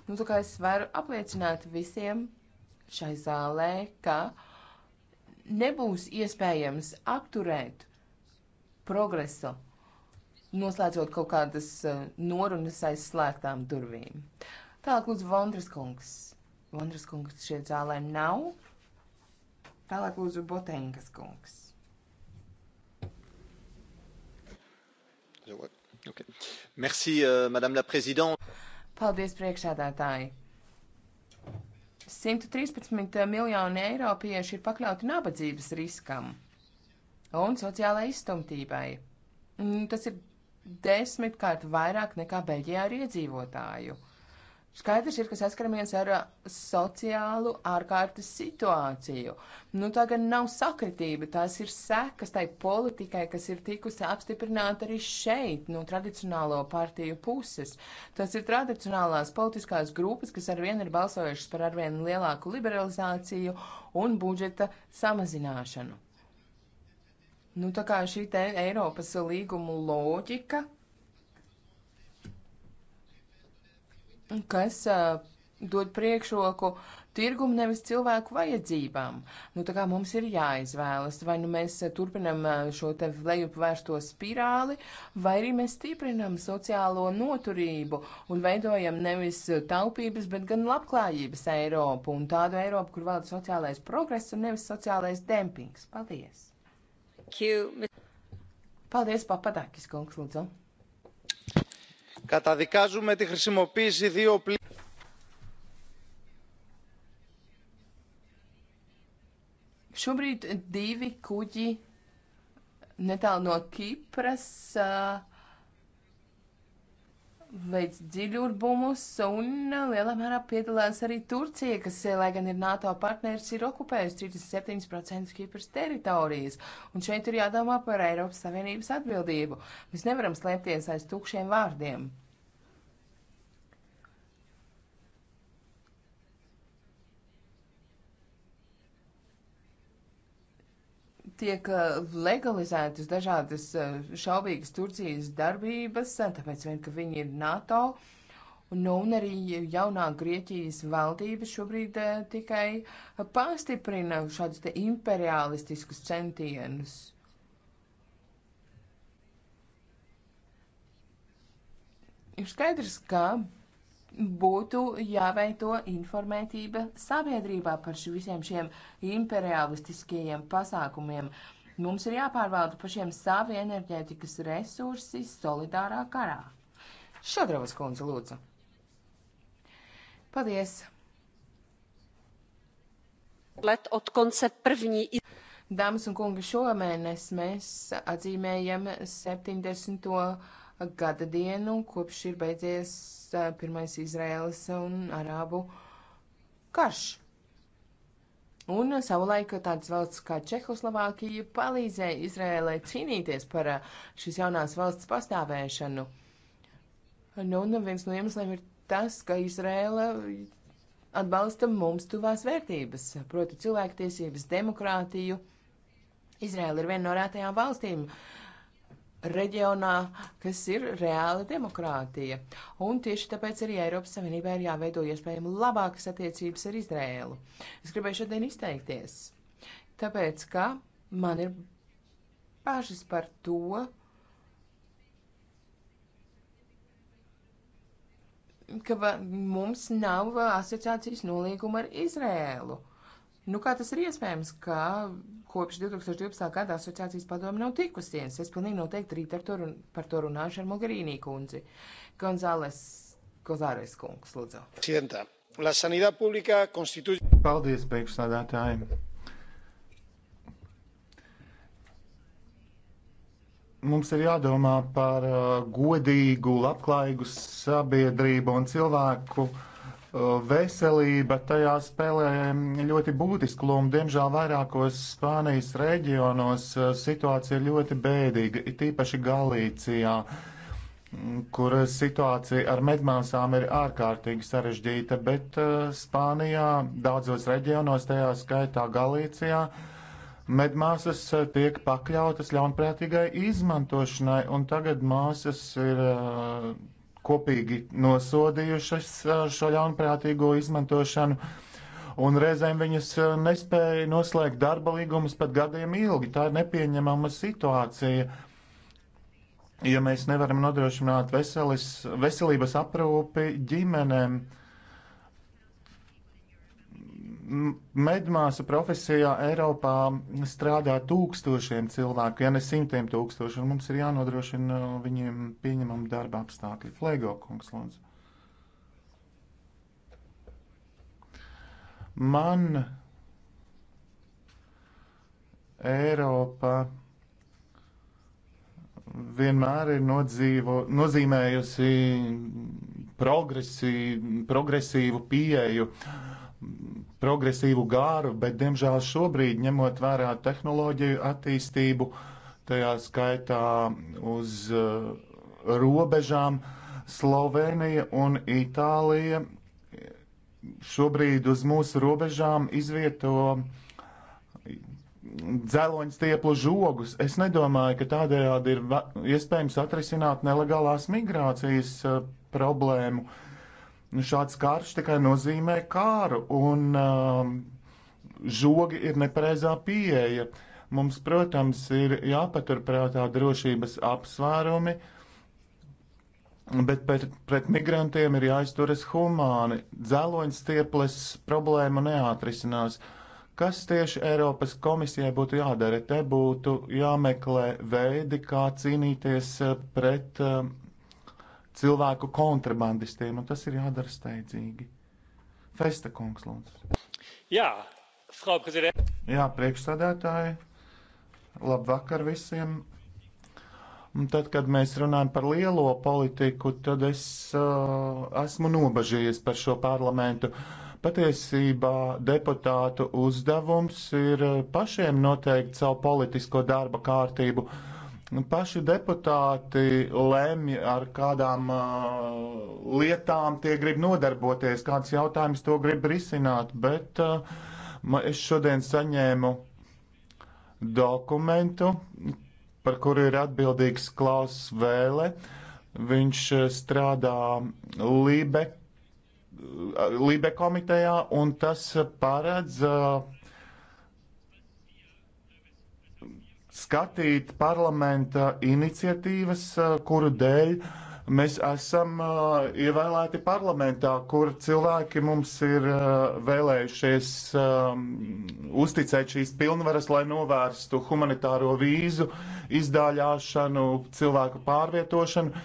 Nu, tā kā es varu apliecināt visiem šai zālē, ka uh, nebūs iespējams apturēt progresu, noslēdzot kaut kādas eh, norunas aiz slēgtām durvīm. Tālāk lūdzu Vondras kungs. Vondras kungs šeit zālē nav. Tālāk lūdzu Botenkas kungs. Okay. Merci, uh, Madame la Présidente. Paldies, priekšādātāji. 113 miljoni eiropieši ir pakļauti nabadzības riskam un sociālai izstumtībai. Mm, tas ir desmitkārt vairāk nekā Beļģijā ir iedzīvotāju. Skaidrs ir, ka saskaramies ar uh, sociālu ārkārtas situāciju. Nu, tā gan nav sakritība, tās ir sekas tai politikai, kas ir tikusi apstiprināta arī šeit, no nu, tradicionālo partiju puses. Tas ir tradicionālās politiskās grupas, kas arvien ir balsojušas par arvien lielāku liberalizāciju un budžeta samazināšanu. Nu, tā kā šī te Eiropas līgumu loģika kas dod priekšroku tirgumu nevis cilvēku vajadzībām. Nu, tā kā mums ir jāizvēlas, vai nu mēs turpinam šo te lejupvērsto spirāli, vai arī mēs stiprinam sociālo noturību un veidojam nevis taupības, bet gan labklājības Eiropu un tādu Eiropu, kur valda sociālais progress un nevis sociālais dempings. Paldies! Paldies, Papadakis, kungs, lūdzu! καταδικάζουμε τη χρησιμοποίηση δύο οπλίων Šobrīd divi kuģi netālu no Kipras uh, veic dziļurbumus, un uh, lielā mērā piedalās arī Turcija, kas, uh, lai gan ir NATO partners, ir okupējusi 37% Kipras teritorijas. Un šeit ir jādomā par Eiropas Savienības atbildību. Mēs nevaram slēpties aiz tukšiem vārdiem. tiek uh, legalizētas dažādas uh, šaubīgas Turcijas darbības, uh, tāpēc vien, ka viņi ir NATO. Nu, un arī jaunā Grieķijas valdība šobrīd eh, tikai pastiprina šādus te imperialistiskus centienus. Ir skaidrs, ka būtu jāveido informētība sabiedrībā par ši visiem šiem imperialistiskajiem pasākumiem. Mums ir jāpārvalda pašiem savi enerģētikas resursi solidārā karā. Šodravas kundze, lūdzu. Paldies. Let od konce první. Dāmas un kungi, šomēnes mēs atzīmējam 70. gada dienu, kopš ir beidzies Eh, pirmais Izraēlas un Arābu karš. Un savulaik tādas valsts kā Čehoslovākija palīdzēja Izraēlai cīnīties par eh, šīs jaunās valsts pastāvēšanu. Nu, un viens no iemesliem ir tas, ka Izraēla atbalsta mums tuvās vērtības, proti cilvēktiesības, demokrātiju. Izraēla ir viena no rētajām valstīm, uh, reģionā, kas ir reāla demokrātija. Un tieši tāpēc arī Eiropas Savienībā ir jāveido iespējami labākas attiecības ar Izrēlu. Es gribēju šodien izteikties, tāpēc, ka man ir bažas par to, ka mums nav asociācijas nolīguma ar Izrēlu. Nu, kā tas ir iespējams, ka kopš 2012. gada asociācijas padomu nav tikusies? Es pilnīgi noteikti rīt ar to, run, par to runāšu ar Mogherīnī kundzi. Gonzāles Kozāres kungs, lūdzu. Cienta. La sanidad publica constituye. Paldies, priekšsādātājiem. Mums ir jādomā par uh, godīgu, labklājīgu sabiedrību un cilvēku uh, Eh, veselība tajā spēlē ļoti būtisku lomu. Diemžēl vairākos Spānijas reģionos eh, situācija ir ļoti bēdīga, it īpaši Galīcijā, kur situācija ar medmāsām ir ārkārtīgi sarežģīta, bet eh, Spānijā daudzos reģionos, tajā skaitā Galīcijā, medmāsas tiek pakļautas ļaunprātīgai izmantošanai, un tagad māsas ir kopīgi nosodījušas uh, šo ļaunprātīgo izmantošanu, un reizēm viņas uh, nespēja noslēgt darba līgumus pat gadiem ilgi. Tā ir nepieņemama situācija. Ja mēs nevaram nodrošināt veselis, veselības aprūpi ģimenēm, uh, medmāsu profesijā Eiropā strādā tūkstošiem cilvēku, ja ne simtiem tūkstoši, un mums ir jānodrošina uh, viņiem pieņemam darba apstākļi. Flego kungs, lūdzu. Man Eiropa vienmēr ir nodzīvo, nozīmējusi progresi, progresīvu pieeju progresīvu gāru, bet diemžēl šobrīd, ņemot vērā tehnoloģiju attīstību, tajā skaitā uz uh, robežām, Slovenija un Itālija šobrīd uz mūsu robežām izvieto dzeloņstieplu žogus. Es nedomāju, ka tādējādi ir iespējams atrisināt nelegālās migrācijas uh, problēmu. Uh, Nu, šāds karš tikai nozīmē kāru, un um, žogi ir nepareizā pieeja. Mums, protams, ir jāpaturprātā drošības apsvērumi, bet pret, pret migrantiem ir jāizturas humāni. Dzēloņstieples problēmu neatrisinās. Kas tieši Eiropas komisijai būtu jādara? Te būtu jāmeklē veidi, kā cīnīties uh, pret uh, cilvēku kontrabandistiem, un tas ir jādara steidzīgi. Festa kungs, lūdzu. Jā, Frau Prezident. Jā, priekšsādātāji. Labvakar visiem. Un tad, kad mēs runājam par lielo politiku, tad es uh, esmu nobažījies par šo parlamentu. Patiesībā deputātu uzdevums ir uh, pašiem noteikt savu politisko darba kārtību. Uh, Nu, paši deputāti lemj, ar kādām uh, lietām tie grib nodarboties, kāds jautājums to grib risināt, bet uh, es šodien saņēmu dokumentu, par kuru ir atbildīgs Klaus Vēle. Viņš uh, strādā Lībe, Lībe komitejā, un tas paredz uh, skatīt parlamenta iniciatīvas, kuru dēļ mēs esam ievēlēti parlamentā, kur cilvēki mums ir vēlējušies uzticēt šīs pilnvaras, lai novērstu humanitāro vīzu izdāļāšanu, cilvēku pārvietošanu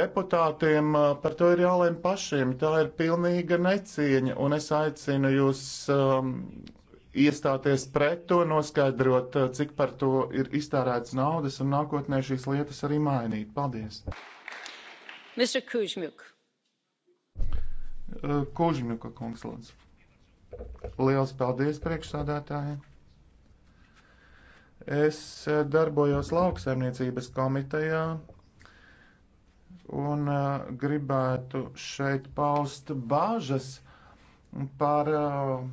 deputātiem par to ir jālēm pašiem. Tā ir pilnīga necieņa, un es aicinu jūs um, iestāties pret to, noskaidrot, eh, cik par to ir iztērēts naudas un nākotnē šīs lietas arī mainīt. Paldies! Kužņuka eh, kungs, lūdzu. Liels paldies priekšsādātājiem! Es eh, darbojos lauksaimniecības komitejā un uh, gribētu šeit paust bāžas par uh,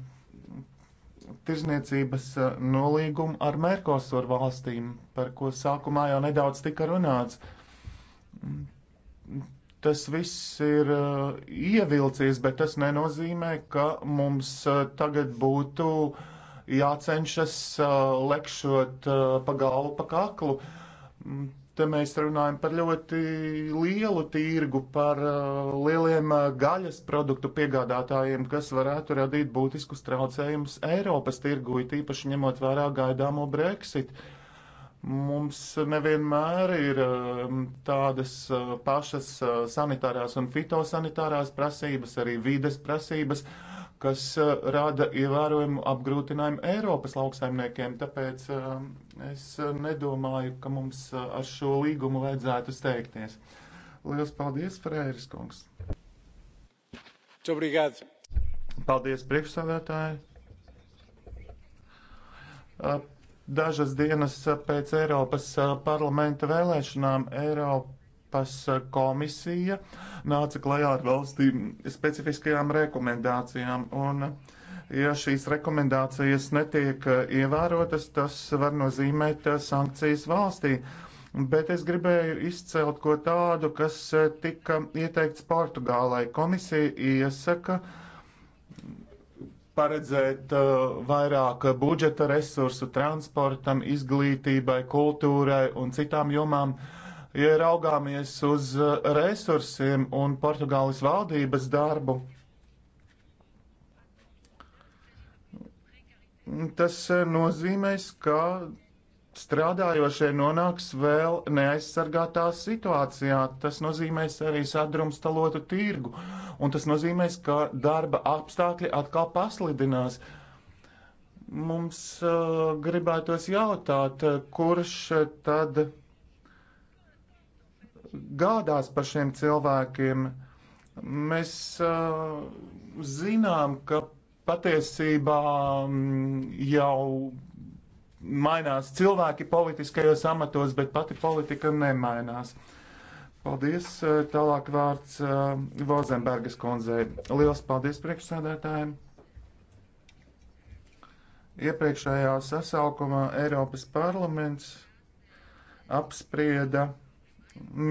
tirzniecības eh, nolīgumu ar Merkosur valstīm, par ko sākumā jau nedaudz tika runāts. Tas viss ir eh, ievilcies, bet tas nenozīmē, ka mums eh, tagad būtu jācenšas lekšot pa galvu, pa kaklu mm, Te mēs runājam par ļoti lielu tirgu, par uh, lieliem uh, gaļas produktu piegādātājiem, kas varētu radīt būtiskus traucējumus Eiropas tirgu, it īpaši ņemot vērā gaidāmo Brexit. Mums nevienmēr ir um, tādas uh, pašas sanitārās un fitosanitārās prasības, arī vides prasības. Uh, kas uh, rada ievērojumu apgrūtinājumu Eiropas lauksaimniekiem. Tāpēc um, es uh, nedomāju, ka mums uh, ar šo līgumu vajadzētu steigties. Lielas paldies, Frēris kungs! Obrigado. Paldies, priekšsādātāji! Dažas dienas pēc Eiropas parlamenta vēlēšanām Eiropa Eiropas eh, komisija nāca klajā ar valstī specifiskajām rekomendācijām. Un, eh, ja šīs rekomendācijas netiek eh, ievērotas, tas var nozīmēt sankcijas valstī. Bet es gribēju izcelt ko tādu, kas tika ieteikts Portugālai. Komisija iesaka paredzēt vairāk budžeta resursu transportam, izglītībai, kultūrai un citām jomām. Uh, Ja raugāmies uz eh, resursiem un Portugāles valdības darbu, tas eh, nozīmēs, ka strādājošie nonāks vēl neaizsargātā situācijā. Tas nozīmēs arī sadrumstalotu tirgu, un tas nozīmēs, ka darba apstākļi atkal paslidinās. Mums uh, gribētos jautāt, kurš tad. Uh, gādās par šiem cilvēkiem. Mēs uh, zinām, ka patiesībā mm, jau mainās cilvēki politiskajos amatos, bet pati politika nemainās. Paldies. Uh, tālāk vārds uh, Vozenbergas kundzei. Liels paldies priekšsādētājiem. Iepriekšējā sasaukumā Eiropas parlaments apsprieda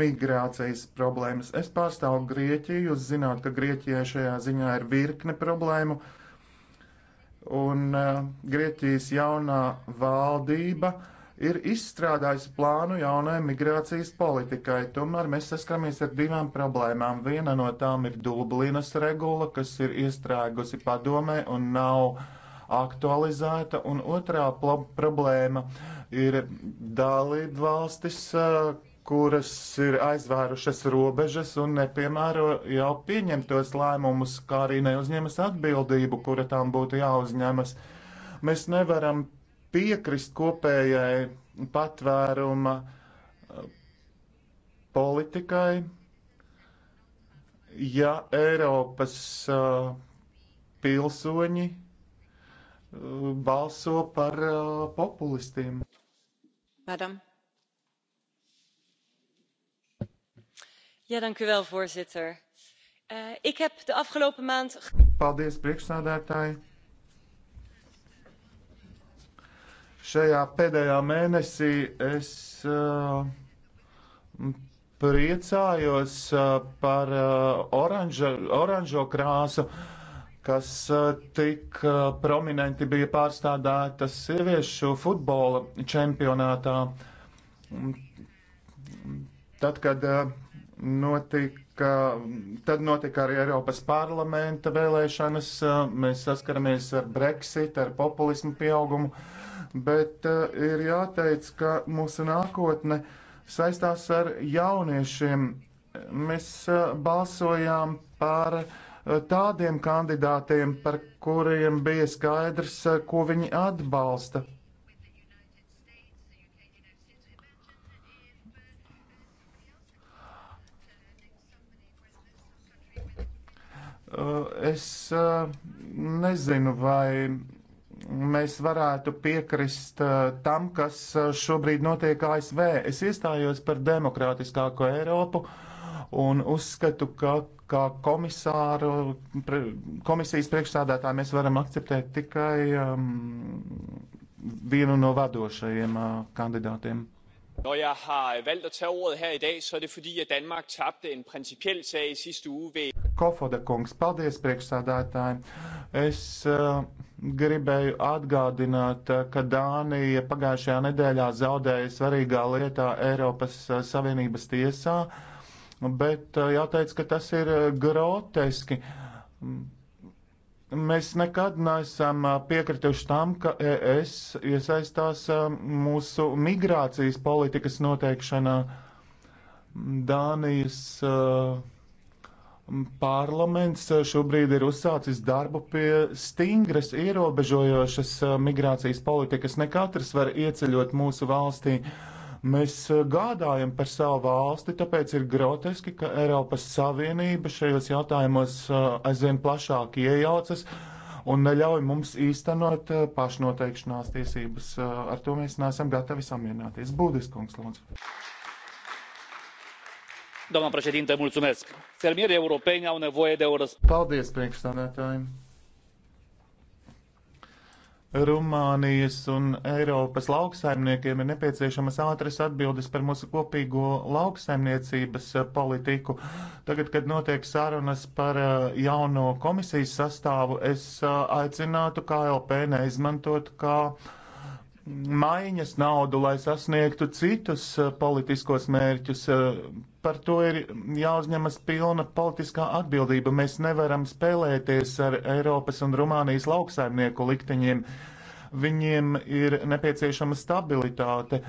migrācijas problēmas. Es pārstāvu Grieķiju, jūs zināt, ka Grieķijai šajā ziņā ir virkne problēmu, un uh, Grieķijas jaunā valdība ir izstrādājusi plānu jaunai migrācijas politikai. Tomēr mēs saskaramies ar divām problēmām. Viena no tām ir Dublinas regula, kas ir iestrēgusi padomē un nav uh, aktualizēta, un otrā problēma ir dalība valstis, uh, kuras ir aizvērušas robežas un nepiemēro jau pieņemtos lēmumus, kā arī neuzņemas atbildību, kura tām būtu jāuzņemas. Mēs nevaram piekrist kopējai patvēruma uh, politikai, ja Eiropas uh, pilsoņi uh, balso par uh, populistiem. Madam. voorzitter eh, ik heb de afgelopen maand. paldies priekšsēdētāji. šajā pēdējā mēnesī es uh, priecājos uh, par uh, oranža, oranžo krāsu, kas tik prominenti bija pārstādāta sieviešu futbola čempionātā. Tad, kad Notika, tad notika arī Eiropas parlamenta vēlēšanas. Mēs saskaramies ar Brexit, ar populismu pieaugumu, bet eh, ir jāteic, ka mūsu nākotne saistās ar jauniešiem. Mēs eh, balsojām par eh, tādiem kandidātiem, par kuriem bija skaidrs, ko viņi atbalsta. Eh, es eh, nezinu, vai mēs varētu piekrist eh, tam, kas šobrīd notiek ASV. Es iestājos par demokrātiskāko Eiropu un uzskatu, ka kā komisāru, pre, komisijas priekšstādātāji mēs varam akceptēt tikai um, vienu no vadošajiem uh, kandidātiem når jeg har valgt at tage ordet her i dag, så er det fordi, at Danmark tabte en principiel sag i sidste uge ved... Kofoda kungs, paldies priekšsādātājiem. Es uh, gribēju atgādināt, eh, ka Dānija pagājušajā nedēļā zaudēja svarīgā lietā Eiropas eh, Savienības tiesā, bet uh, jāteic, ka tas ir groteski. Uh, Mēs nekad neesam piekrituši tam, ka ES iesaistās mūsu migrācijas politikas noteikšanā. Dānijas parlaments šobrīd ir uzsācis darbu pie stingras ierobežojošas migrācijas politikas. Ne katrs var ieceļot mūsu valstī. Uh, Mēs e, gādājam par savu valsti, tāpēc ir groteski, ka Eiropas Savienība šajos jautājumos e, aizvien plašāk iejaucas un neļauj mums īstenot e, pašnoteikšanās tiesības. Ar to mēs neesam gatavi samierināties. Būdis kungs, lūdzu. Doamna președinte, mulțumesc. Fermierii europeni au nevoie de o răspundere. Paldies, priekšstādātājiem. Rumānijas un Eiropas lauksaimniekiem ir nepieciešamas ātras atbildes par mūsu kopīgo lauksaimniecības eh, politiku. Tagad, kad notiek sarunas par eh, jauno komisijas sastāvu, es eh, aicinātu KLP neizmantot kā uh, maiņas naudu, lai sasniegtu citus eh, politiskos mērķus. Eh, par to ir jāuzņemas pilna politiskā atbildība. Mēs nevaram spēlēties ar Eiropas un Rumānijas lauksaimnieku likteņiem. Viņiem ir nepieciešama stabilitāte.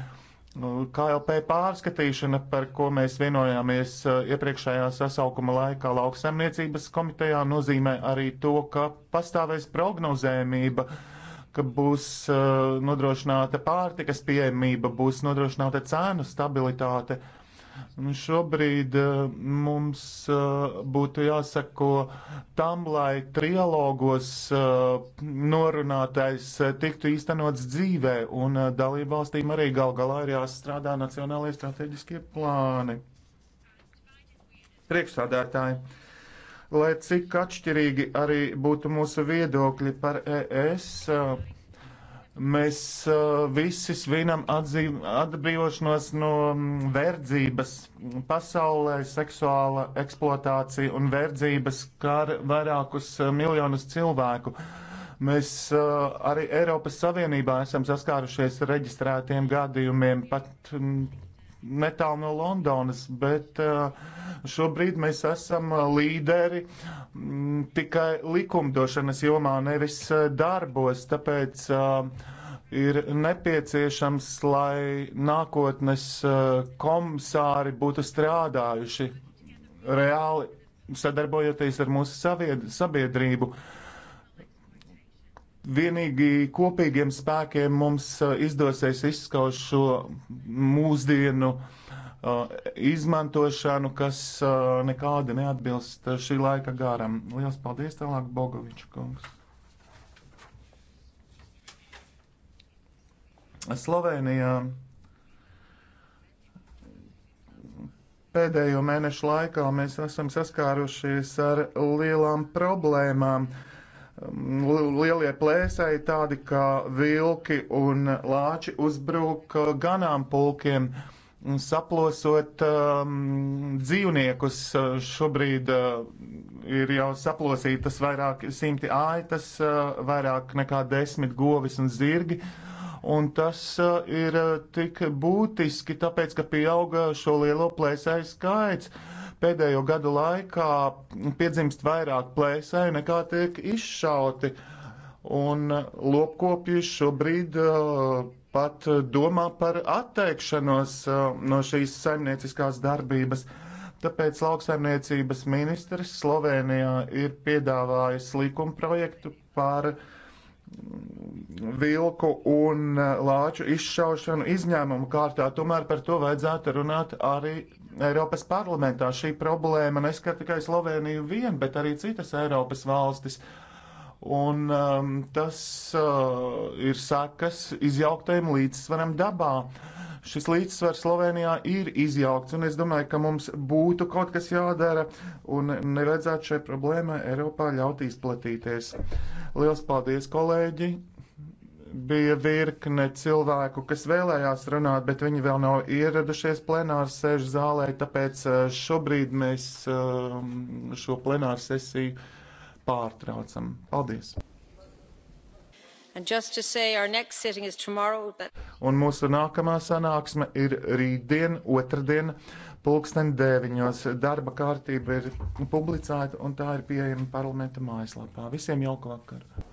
Nu, KLP pārskatīšana, par ko mēs vienojāmies eh, iepriekšējā sasaukuma laikā lauksaimniecības komitejā, nozīmē arī to, ka pastāvēs prognozējumība uh, ka būs uh, nodrošināta pārtikas pieejamība, būs nodrošināta cēnu stabilitāte. Un šobrīd uh, mums uh, būtu jāsako tam, lai trialogos uh, norunātais uh, tiktu īstenots dzīvē, un uh, dalību valstīm arī gal galā ir jāstrādā nacionālajie strateģiskie plāni. Priekšsādātāji! Uh, lai cik atšķirīgi arī būtu mūsu viedokļi par ES, mēs visi svinam atzīm, atbrīvošanos no verdzības. Pasaulē seksuāla eksploatācija un verdzības kar vairākus miljonus cilvēku. Mēs uh, arī Eiropas Savienībā esam saskārušies ar reģistrētiem gadījumiem, pat um, netālu no Londonas, bet uh, šobrīd mēs esam uh, līderi mm, tikai likumdošanas jomā, nevis uh, darbos. Tāpēc ir nepieciešams, lai nākotnes komisāri būtu strādājuši reāli sadarbojoties ar mūsu sabiedrību. Vienīgi kopīgiem spēkiem mums eh, izdosies izskaust šo mūsdienu uh, izmantošanu, kas uh, nekādi neatbilst šī laika garam. Lielas paldies tālāk, Bogoviča kungs. Slovenijā pēdējo mēnešu laikā mēs esam saskārušies ar lielām problēmām. Uh, lielie plēsēji, tādi kā vilki un lāči, uzbruk uh, ganāmpulkiem, mm, saplosot um, dzīvniekus. Uh, šobrīd uh, ir jau saplosītas vairāk simti aitas, uh, vairāk nekā desmit govis un zirgi. Un tas uh, ir uh, tik būtiski, tāpēc, ka pieauga šo lielo plēsēju skaits. Uh, Pēdējo gadu laikā piedzimst vairāk plēsēju nekā tiek izšauti, un lopkopji šobrīd uh, pat domā par atteikšanos uh, no šīs saimnieciskās darbības. Tāpēc lauksaimniecības ministrs Slovenijā ir piedāvājis likumprojektu par uh, vilku un uh, lāču izšaušanu izņēmumu kārtā. Tomēr par to vajadzētu runāt arī Eiropas parlamentā. Šī problēma neskar tikai Sloveniju vien, bet arī citas Eiropas valstis. Uh, Un um, tas uh, ir sakas izjauktajam līdzsvaram dabā. Šis līdzsvars Slovenijā ir izjaukts, un es domāju, ka mums būtu kaut kas jādara, un nevajadzētu šai problēmai Eiropā ļaut izplatīties. Lielas paldies, kolēģi! bija virkne cilvēku, kas vēlējās runāt, bet viņi vēl nav ieradušies plenāru sēžu zālē, tāpēc uh, šobrīd mēs um, šo plenāru sesiju pārtraucam. Paldies! Say, tomorrow, but... Un mūsu nākamā sanāksme ir rītdien, otrdien, pulksten deviņos. Darba kārtība ir publicēta un tā ir pieejama parlamenta mājaslapā. Visiem jauka vakaru!